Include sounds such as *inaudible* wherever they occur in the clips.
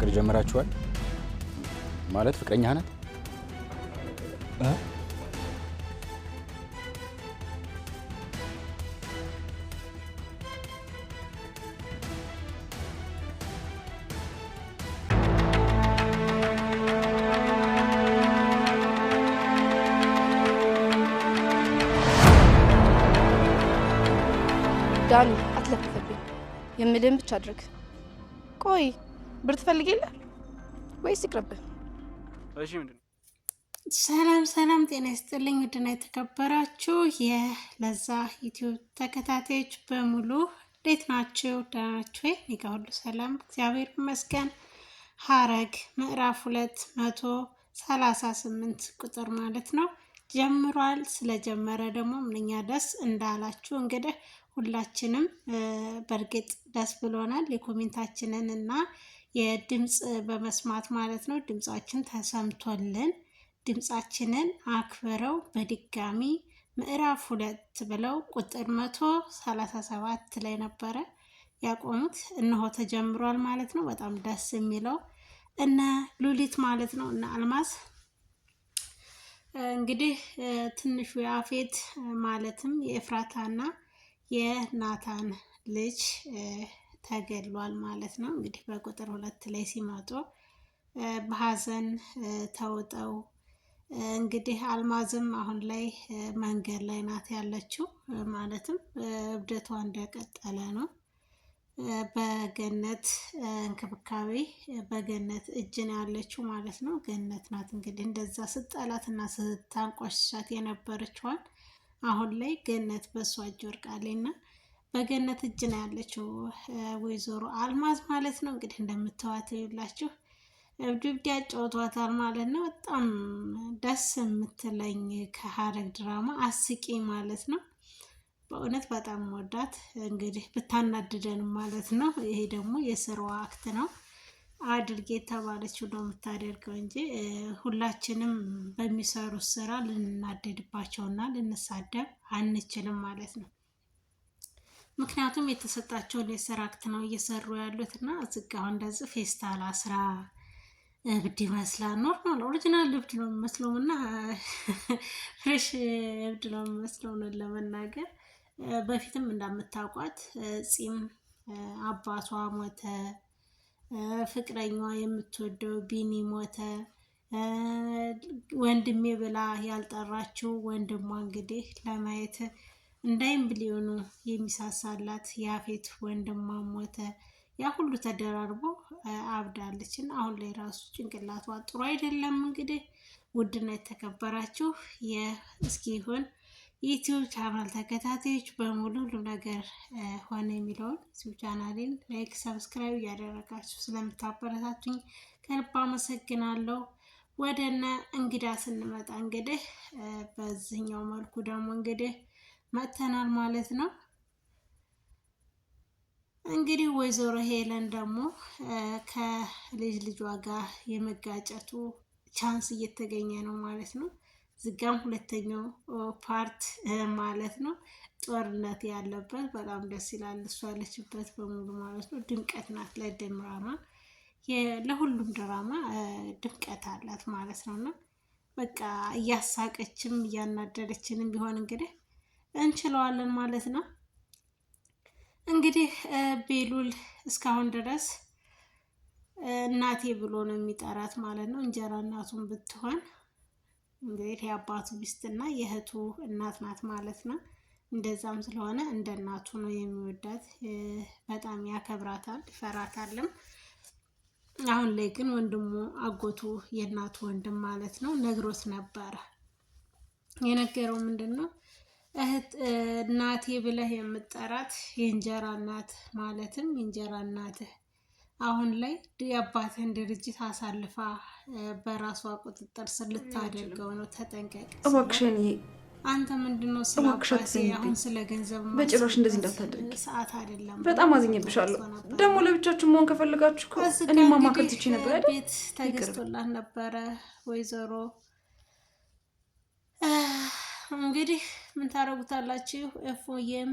ፍቅር ጀምራችኋል ማለት ፍቅረኛ ናት? ዳኒ አትለፍፍብኝ። የምልህን ብቻ አድርግ። ቆይ ብር ትፈልግ ወይስ ይቅርብህ? እሺ ምንድን ነው? ሰላም ሰላም፣ ጤና ይስጥልኝ ውድና የተከበራችሁ የለዛ ዩቲዩብ ተከታታዮች በሙሉ እንዴት ናችሁ? ደህና ናችሁ ወይ? እኔ ጋ ሁሉ ሰላም እግዚአብሔር ይመስገን። ሐረግ ምዕራፍ ሁለት መቶ ሰላሳ ስምንት ቁጥር ማለት ነው ጀምሯል። ስለጀመረ ደግሞ ምንኛ ደስ እንዳላችሁ እንግዲህ ሁላችንም በእርግጥ ደስ ብሎናል። የኮሜንታችንን እና የድምፅ በመስማት ማለት ነው። ድምፃችን ተሰምቶልን ድምፃችንን አክብረው በድጋሚ ምዕራፍ ሁለት ብለው ቁጥር መቶ ሰላሳ ሰባት ላይ ነበረ ያቆሙት። እነሆ ተጀምሯል ማለት ነው። በጣም ደስ የሚለው እነ ሉሊት ማለት ነው እነ አልማዝ እንግዲህ ትንሹ የአፌት ማለትም የኤፍራታና የናታን ልጅ ተገድሏል ማለት ነው። እንግዲህ በቁጥር ሁለት ላይ ሲመጡ በሀዘን ተውጠው እንግዲህ አልማዝም አሁን ላይ መንገድ ላይ ናት ያለችው። ማለትም እብደቷ እንደቀጠለ ነው። በገነት እንክብካቤ በገነት እጅ ነው ያለችው ማለት ነው። ገነት ናት እንግዲህ እንደዛ ስጠላት እና የነበረችዋል አሁን ላይ ገነት በእሷ እጅ ወድቃለና በገነት እጅ ነው ያለችው ወይዘሮ አልማዝ ማለት ነው። እንግዲህ እንደምታዋት ይላችሁ ድብዳ ጨወቷታል ማለት ነው። በጣም ደስ የምትለኝ ከሀረግ ድራማ አስቂ ማለት ነው። በእውነት በጣም ወዳት እንግዲህ ብታናድደንም ማለት ነው። ይሄ ደግሞ የስራዋ አክት ነው። አድርግ የተባለችው ነው የምታደርገው እንጂ ሁላችንም በሚሰሩት ስራ ልንናደድባቸውና ልንሳደብ አንችልም ማለት ነው። ምክንያቱም የተሰጣቸውን የስራ አክት ነው እየሰሩ ያሉት እና እዝጋሁ እንደዚህ ፌስታል አስራ እብድ ይመስላል። ኖርማል ኦሪጂናል እብድ ነው የሚመስለው እና *laughs* ፍሬሽ እብድ ነው የሚመስለው ነው ለመናገር በፊትም እንደምታውቋት ፂም አባቷ ሞተ ፍቅረኛዋ የምትወደው ቢኒ ሞተ፣ ወንድሜ ብላ ያልጠራችው ወንድሟ እንግዲህ ለማየት እንዳይም ብሊዮኑ የሚሳሳላት ያፌት ወንድሟ ሞተ። ያ ሁሉ ተደራርቦ አብዳለች እና አሁን ላይ ራሱ ጭንቅላቷ ጥሩ አይደለም። እንግዲህ ውድና የተከበራችሁ የእስኪ ይሁን ዩቲዩብ ቻናል ተከታታዮች በሙሉ ሁሉም ነገር ሆነ የሚለውን ዩቲዩብ ቻናሌን ላይክ፣ ሰብስክራይብ እያደረጋችሁ ስለምታበረታቱኝ ከልብ አመሰግናለሁ። ወደነ እንግዳ ስንመጣ እንግዲህ በዚህኛው መልኩ ደግሞ እንግዲህ መጥተናል ማለት ነው። እንግዲህ ወይዘሮ ሄለን ደግሞ ከልጅ ልጇ ጋር የመጋጨቱ ቻንስ እየተገኘ ነው ማለት ነው። ዝጋም ሁለተኛው ፓርት ማለት ነው። ጦርነት ያለበት በጣም ደስ ይላል። እሱ ያለችበት በሙሉ ማለት ነው ድምቀት ናት። ለድራማ ለሁሉም ድራማ ድምቀት አላት ማለት ነው እና በቃ እያሳቀችም እያናደደችንም ቢሆን እንግዲህ እንችለዋለን ማለት ነው። እንግዲህ ቤሉል እስካሁን ድረስ እናቴ ብሎ ነው የሚጠራት ማለት ነው። እንጀራ እናቱን ብትሆን እንግዲህ የአባቱ ሚስትና የእህቱ እናት ናት ማለት ነው። እንደዛም ስለሆነ እንደ እናቱ ነው የሚወዳት። በጣም ያከብራታል፣ ይፈራታልም። አሁን ላይ ግን ወንድሙ አጎቱ የእናቱ ወንድም ማለት ነው ነግሮት ነበረ። የነገረው ምንድን ነው እህት እናቴ ብለህ የምጠራት የእንጀራ እናት ማለትም የእንጀራ እናትህ አሁን ላይ የአባትን ድርጅት አሳልፋ በራሷ ቁጥጥር ስር ልታደርገው ነው። ተጠንቀቅ እባክሽን። አንተ ምንድነው ስለባክሸት አሁን ስለ ገንዘብ በጭራሽ እንደዚህ እንዳታደርጊ። ሰዓት አይደለም። በጣም አዝኜብሻለሁ። ደግሞ ለብቻችሁ መሆን ከፈልጋችሁ እኔ ማማከል ትች ነበር። ቤት ተገዝቶላት ነበረ ወይዘሮ እንግዲህ ምን ታደርጉታላችሁ? ኤፎየም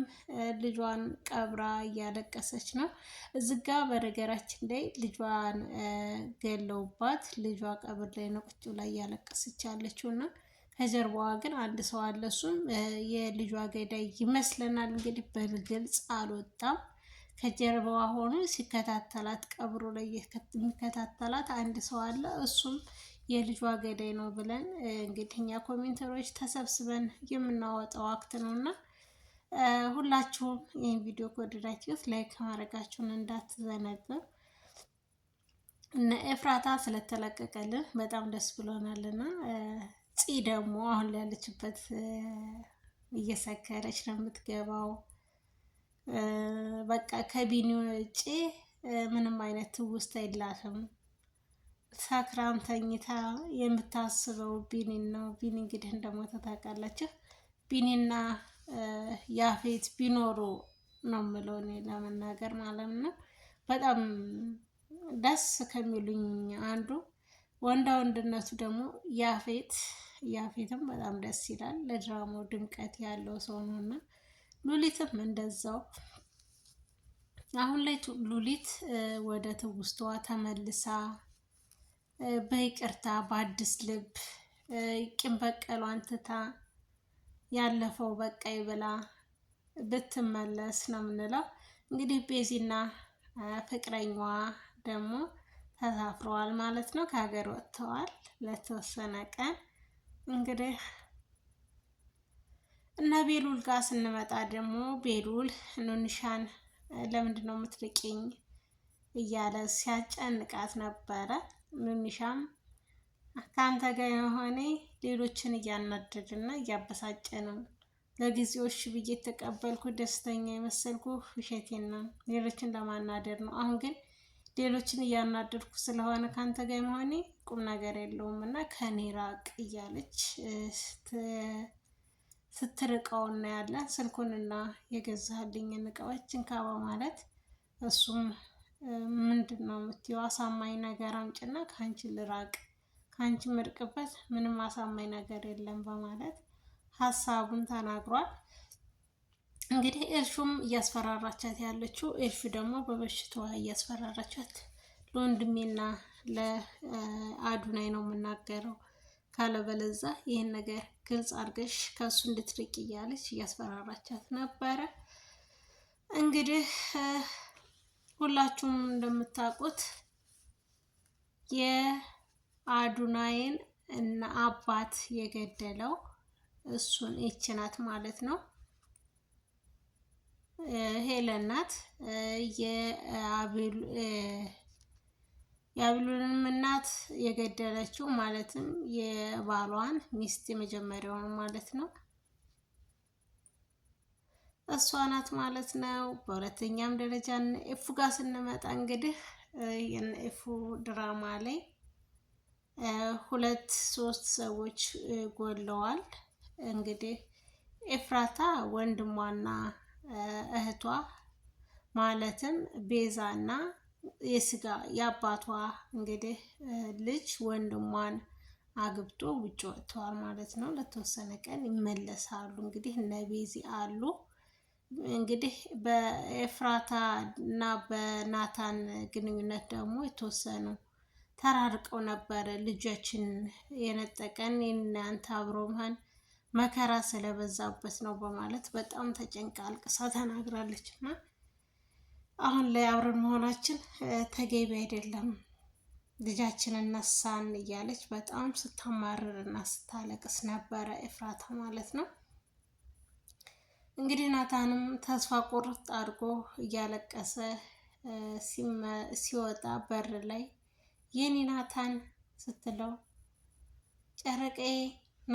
ልጇን ቀብራ እያለቀሰች ነው። እዚህ ጋ በነገራችን ላይ ልጇን ገለውባት ልጇ ቀብር ላይ ነው ቁጭ ላይ እያለቀሰች ያለችው እና ከጀርባዋ ግን አንድ ሰው አለ። እሱም የልጇ ገዳይ ይመስለናል። እንግዲህ በግልጽ አልወጣም። ከጀርባዋ ሆኖ ሲከታተላት፣ ቀብሩ ላይ የሚከታተላት አንድ ሰው አለ። እሱም የልጇ ገዳይ ነው ብለን እንግዲህ እኛ ኮሜንተሮች ተሰብስበን የምናወጣው አክት ነው እና ሁላችሁም ይህን ቪዲዮ ከወደዳችሁት ላይክ ማድረጋችሁን እንዳትዘነጉ። እነ ኤፍራታ ስለተለቀቀልን በጣም ደስ ብሎናል እና ፂ ደግሞ አሁን ያለችበት እየሰከረች ነው የምትገባው። በቃ ከቢኒ ውጭ ምንም አይነት ትውስታ የላትም። ሰክራም ተኝታ የምታስበው ቢኒን ነው። ቢኒ እንግዲህ እንደሞተ ታውቃላችሁ። ቢኒና ያፌት ቢኖሩ ነው የምለው እኔ ለመናገር ማለት ነው። በጣም ደስ ከሚሉኝ አንዱ ወንደ ወንድነቱ ደግሞ ያፌት ያፌትም በጣም ደስ ይላል። ለድራማው ድምቀት ያለው ሰው ነው እና ሉሊትም እንደዛው አሁን ላይ ሉሊት ወደ ትውስቷ ተመልሳ በይቅርታ በአዲስ ልብ ቂም በቀሏን ትታ ያለፈው በቃይ ብላ ብትመለስ ነው የምንለው። እንግዲህ ቤዚና ፍቅረኛዋ ደግሞ ተሳፍረዋል ማለት ነው። ከሀገር ወጥተዋል ለተወሰነ ቀን እንግዲህ እና ቤሉል ጋር ስንመጣ ደግሞ ቤሉል ኑንሻን ለምንድን ነው የምትርቂኝ እያለ ሲያጨንቃት ነበረ። የሚሻም ከአንተ ጋር የሆነ ሌሎችን እያናደድና እያበሳጨ ነው። ለጊዜዎች ብዬ የተቀበልኩ ደስተኛ የመሰልኩ ውሸቴን ነው፣ ሌሎችን ለማናደድ ነው። አሁን ግን ሌሎችን እያናደድኩ ስለሆነ ከአንተ ጋር የመሆኔ ቁም ነገር የለውም እና ከኔ ራቅ እያለች ስትርቀው እናያለን። ስልኩንና የገዛህልኝን እቃዎችን ካባ ማለት እሱም ምንድን ነው የምትይው? አሳማኝ ነገር አምጭና ከአንቺ ልራቅ፣ ከአንቺ ምርቅበት ምንም አሳማኝ ነገር የለም በማለት ሀሳቡን ተናግሯል። እንግዲህ እርሹም እያስፈራራቻት ያለችው እርሹ ደግሞ በበሽታዋ እያስፈራራቻት ለወንድሜና ለአዱናይ ነው የምናገረው ካለበለዛ ይህን ነገር ግልጽ አድርገሽ ከእሱ እንድትርቅ እያለች እያስፈራራቻት ነበረ እንግዲህ ሁላችሁም እንደምታውቁት የአዱናይን እና አባት የገደለው እሱን ይች ናት ማለት ነው። ሄለን ናት። የአቤሉንም እናት የገደለችው ማለትም የባሏን ሚስት የመጀመሪያውን ማለት ነው። እሷ ናት ማለት ነው። በሁለተኛም ደረጃ ኤፉ ጋር ስንመጣ እንግዲህ ኤፉ ድራማ ላይ ሁለት ሶስት ሰዎች ጎለዋል። እንግዲህ ኤፍራታ ወንድሟና እህቷ ማለትም ቤዛና የስጋ የአባቷ እንግዲህ ልጅ ወንድሟን አግብቶ ውጭ ወጥተዋል ማለት ነው። ለተወሰነ ቀን ይመለሳሉ። እንግዲህ እነ ቤዚ አሉ እንግዲህ በኤፍራታ እና በናታን ግንኙነት ደግሞ የተወሰኑ ተራርቀው ነበረ። ልጃችን የነጠቀን የእናንተ አብሮ መከራ ስለበዛበት ነው በማለት በጣም ተጨንቃ አልቅሳ ተናግራለች። እና አሁን ላይ አብረን መሆናችን ተገቢ አይደለም፣ ልጃችንን ነሳን እያለች በጣም ስታማርር እና ስታለቅስ ነበረ ኤፍራታ ማለት ነው። እንግዲህ ናታንም ተስፋ ቁርጥ አድርጎ እያለቀሰ ሲወጣ በር ላይ የኔ ናታን ስትለው ጨረቃዬ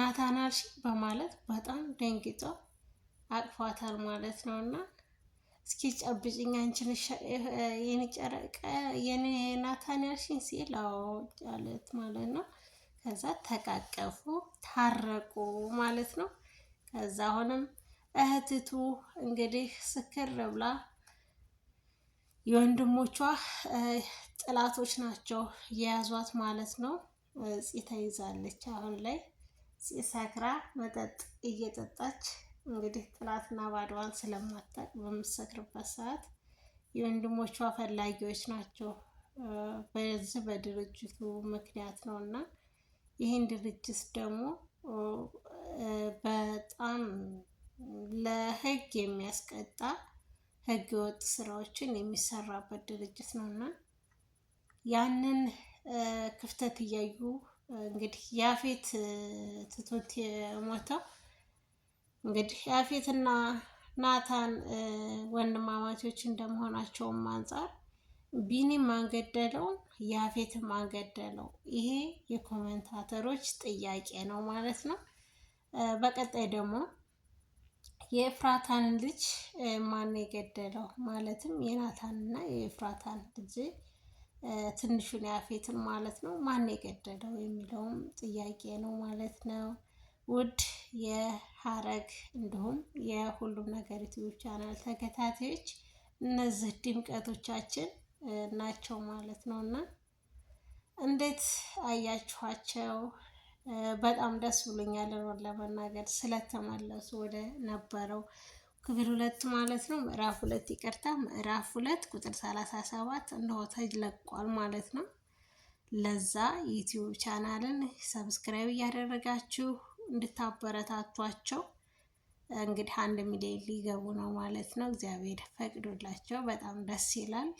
ናታን አልሽ በማለት በጣም ደንግጦ አቅፏታል ማለት ነው። እና እስኪ ጨብጭኝ አንቺን የኔ ጨረቃ የኔ ናታን ያልሽኝ ሲል አለት ማለት ነው። ከዛ ተቃቀፉ ታረቁ ማለት ነው። ከዛ አሁንም እህትቱ እንግዲህ ስክር ብላ የወንድሞቿ ጥላቶች ናቸው የያዟት ማለት ነው። ፂ ተይዛለች። አሁን ላይ ፂ ሰክራ መጠጥ እየጠጣች እንግዲህ ጥላትና ባድዋን ስለማታቅ በምትሰክርበት ሰዓት የወንድሞቿ ፈላጊዎች ናቸው። በዚህ በድርጅቱ ምክንያት ነው እና ይህን ድርጅት ደግሞ በጣም ለህግ የሚያስቀጣ ህገ ወጥ ስራዎችን የሚሰራበት ድርጅት ነው እና ያንን ክፍተት እያዩ እንግዲህ ያፌት ትቶት የሞተው እንግዲህ ያፌትና ናታን ወንድማማቾች እንደመሆናቸውም አንጻር ቢኒ ማንገደለው ያፌት ማንገደለው ይሄ የኮመንታተሮች ጥያቄ ነው ማለት ነው። በቀጣይ ደግሞ የኤፍራታን ልጅ ማን የገደለው ማለትም የናታን እና የኤፍራታን ልጅ ትንሹን ያፌትን ማለት ነው ማን የገደለው የሚለውም ጥያቄ ነው ማለት ነው። ውድ የሀረግ እንዲሁም የሁሉም ነገር ዩቲዩብ ቻናል ተከታታዮች እነዚህ ድምቀቶቻችን ናቸው ማለት ነው እና እንዴት አያችኋቸው? በጣም ደስ ብሎኛል ለመናገር ስለተመለሱ ወደ ነበረው ክፍል ሁለት ማለት ነው። ምዕራፍ ሁለት ይቅርታ፣ ምዕራፍ ሁለት ቁጥር ሰላሳ ሰባት እንደሆ ተለቋል ማለት ነው። ለዛ ዩቲዩብ ቻናልን ሰብስክራይብ እያደረጋችሁ እንድታበረታቷቸው እንግዲህ አንድ ሚሊዮን ሊገቡ ነው ማለት ነው። እግዚአብሔር ፈቅዶላቸው በጣም ደስ ይላል።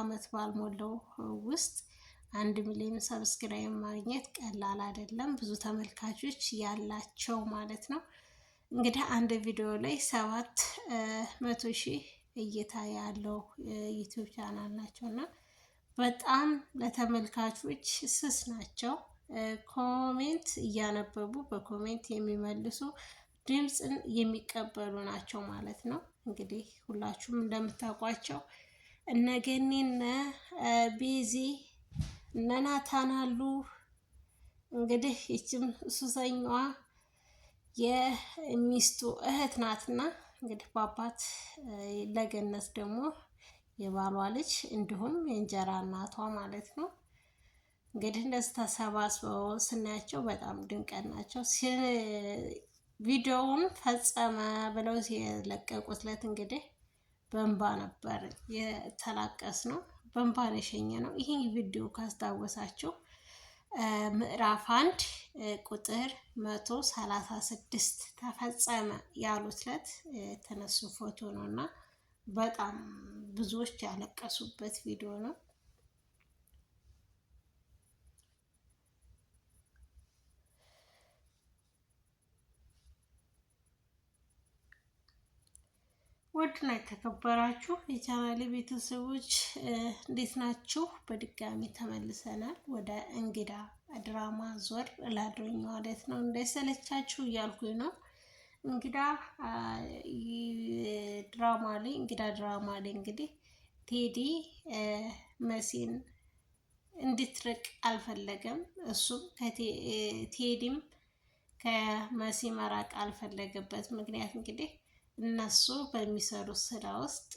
አመት ባልሞላው ውስጥ አንድ ሚሊዮን ሰብስክራይብ ማግኘት ቀላል አይደለም። ብዙ ተመልካቾች ያላቸው ማለት ነው። እንግዲህ አንድ ቪዲዮ ላይ ሰባት መቶ ሺህ እይታ ያለው ዩቲዩብ ቻናል ናቸው እና በጣም ለተመልካቾች ስስ ናቸው። ኮሜንት እያነበቡ በኮሜንት የሚመልሱ ድምፅን የሚቀበሉ ናቸው ማለት ነው። እንግዲህ ሁላችሁም እንደምታውቋቸው እነ ገኒና ቤዚ እነ ናታን አሉ። እንግዲህ ይችም ሱሰኛዋ የሚስቱ እህት ናትና እንግዲህ በአባት ለገነት ደግሞ የባሏ ልጅ እንዲሁም የእንጀራ እናቷ ማለት ነው። እንግዲህ እንደዚህ ተሰባስበው ስናያቸው በጣም ድንቀት ናቸው። ቪዲዮውን ፈጸመ ብለው የለቀቁት ዕለት እንግዲህ በእንባ ነበር የተላቀስ ነው። በንባን የሸኘ ነው። ይሄ ቪዲዮ ካስታወሳችሁ ምዕራፍ አንድ ቁጥር መቶ ሰላሳ ስድስት ተፈጸመ ያሉት ዕለት የተነሱ ፎቶ ነው እና በጣም ብዙዎች ያለቀሱበት ቪዲዮ ነው። ውድ ላይ የተከበራችሁ የቻናሌ ቤተሰቦች እንዴት ናችሁ? በድጋሚ ተመልሰናል ወደ እንግዳ ድራማ ዞር ላድሮኝ ማለት ነው። እንዳይሰለቻችሁ እያልኩኝ ነው። እንግዳ ድራማ ላይ እንግዳ ድራማ ላይ እንግዲህ ቴዲ መሲን እንድትርቅ አልፈለገም። እሱም ቴዲም ከመሲ መራቅ አልፈለገበት ምክንያት እንግዲህ እነሱ በሚሰሩት ስራ ውስጥ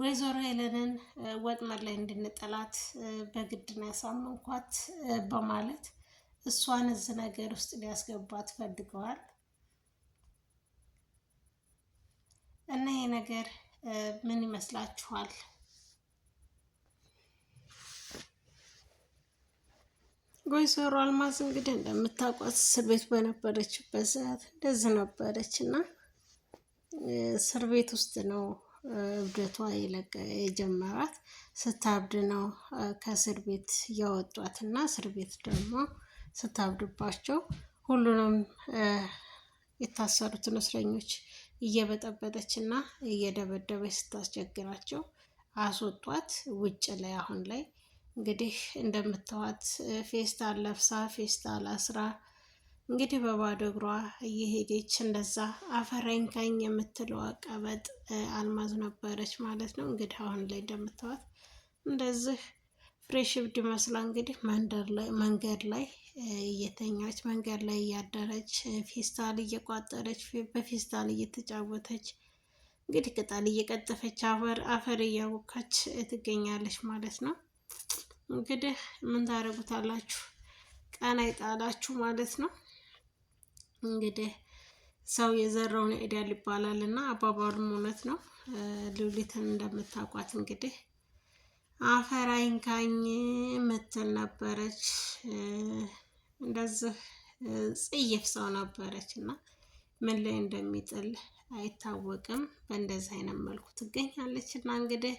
ወይዘሮ ሄለንን ወጥመድ ላይ እንድንጠላት በግድ ነው ያሳመንኳት በማለት እሷን እዚህ ነገር ውስጥ ሊያስገባት ፈልገዋል እና ይሄ ነገር ምን ይመስላችኋል? ወይዘሮ አልማዝ እንግዲህ እንደምታውቋት እስር ቤት በነበረችበት ሰዓት እንደዚህ ነበረች እና እስር ቤት ውስጥ ነው እብደቷ የጀመራት። ስታብድ ነው ከእስር ቤት ያወጧት እና እስር ቤት ደግሞ ስታብድባቸው ሁሉንም የታሰሩትን እስረኞች እየበጠበጠች እና እየደበደበች ስታስቸግራቸው አስወጧት ውጭ ላይ አሁን ላይ እንግዲህ እንደምታዋት ፌስታል ለብሳ ፌስታል አስራ እንግዲህ በባዶ እግሯ እየሄደች እንደዛ አፈረንካኝ የምትለው አቀበጥ አልማዝ ነበረች ማለት ነው። እንግዲህ አሁን ላይ እንደምታዋት እንደዚህ ፍሬሽ እብድ መስላ እንግዲህ መንገድ ላይ እየተኛች መንገድ ላይ እያደረች ፌስታል እየቋጠረች በፌስታል እየተጫወተች እንግዲህ ቅጠል እየቀጠፈች አፈር አፈር እያቦካች ትገኛለች ማለት ነው። እንግዲህ ምን ታደርጉታላችሁ? ቀን አይጣላችሁ ማለት ነው። እንግዲህ ሰው የዘራውን ያጭዳል ይባላል እና አባባሉም እውነት ነው። ሉሊትን እንደምታውቋት እንግዲህ አፈር አይንካኝ ምትል ነበረች። እንደዚህ ጽይፍ ሰው ነበረች እና ምን ላይ እንደሚጥል አይታወቅም። በእንደዚህ አይነት መልኩ ትገኛለች እና እንግዲህ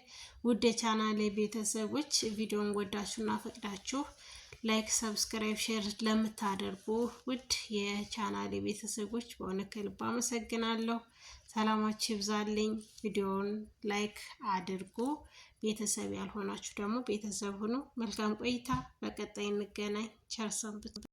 ውድ የቻናሌ ቤተሰቦች ቪዲዮን ወዳችሁና ፈቅዳችሁ ላይክ፣ ሰብስክራይብ፣ ሼር ለምታደርጉ ውድ የቻናሌ ቤተሰቦች በእውነት ከልብ አመሰግናለሁ። ሰላማችሁ ይብዛልኝ። ቪዲዮውን ላይክ አድርጉ። ቤተሰብ ያልሆናችሁ ደግሞ ቤተሰብ ሁኑ። መልካም ቆይታ። በቀጣይ እንገናኝ። ቸር ሰንብቱ።